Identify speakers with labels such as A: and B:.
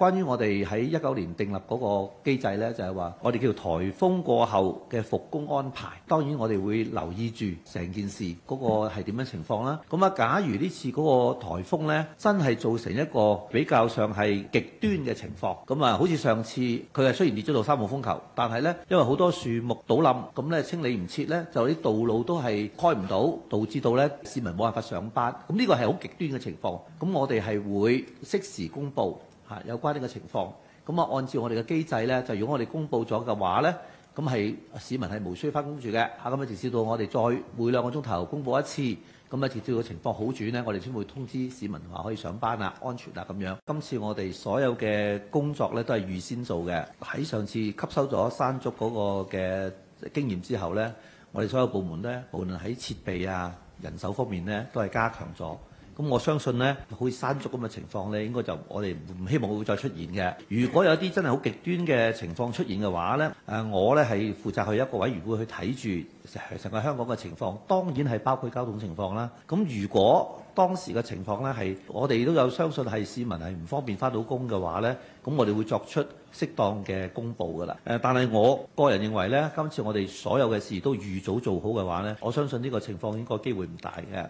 A: 關於我哋喺一九年訂立嗰個機制呢，就係話我哋叫颱風過後嘅復工安排。當然，我哋會留意住成件事嗰個係點樣情況啦。咁啊，假如呢次嗰個颱風呢，真係造成一個比較上係極端嘅情況，咁啊，好似上次佢係雖然跌咗到三號風球，但係呢，因為好多樹木倒冧，咁呢清理唔切呢，就啲道路都係開唔到，導致到呢市民冇辦法上班。咁呢個係好極端嘅情況，咁我哋係會適時公布。有關呢個情況，咁啊，按照我哋嘅機制呢，就如果我哋公佈咗嘅話呢，咁係市民係無需返工住嘅。嚇，咁啊，直至到我哋再每兩個鐘頭公佈一次，咁啊，直至到情況好轉呢，我哋先會通知市民話可以上班啦、安全啦咁樣。今次我哋所有嘅工作呢，都係預先做嘅。喺上次吸收咗山竹嗰個嘅經驗之後呢，我哋所有部門呢，無論喺設備啊、人手方面呢，都係加強咗。咁我相信呢，好似山竹咁嘅情況呢，應該就我哋唔希望會再出現嘅。如果有啲真係好極端嘅情況出現嘅話呢，誒，我呢係負責去一個委員會去睇住成個香港嘅情況，當然係包括交通情況啦。咁如果當時嘅情況呢，係我哋都有相信係市民係唔方便返到工嘅話呢，咁我哋會作出適當嘅公佈噶啦。誒，但係我個人認為呢，今次我哋所有嘅事都預早做好嘅話呢，我相信呢個情況應該機會唔大嘅。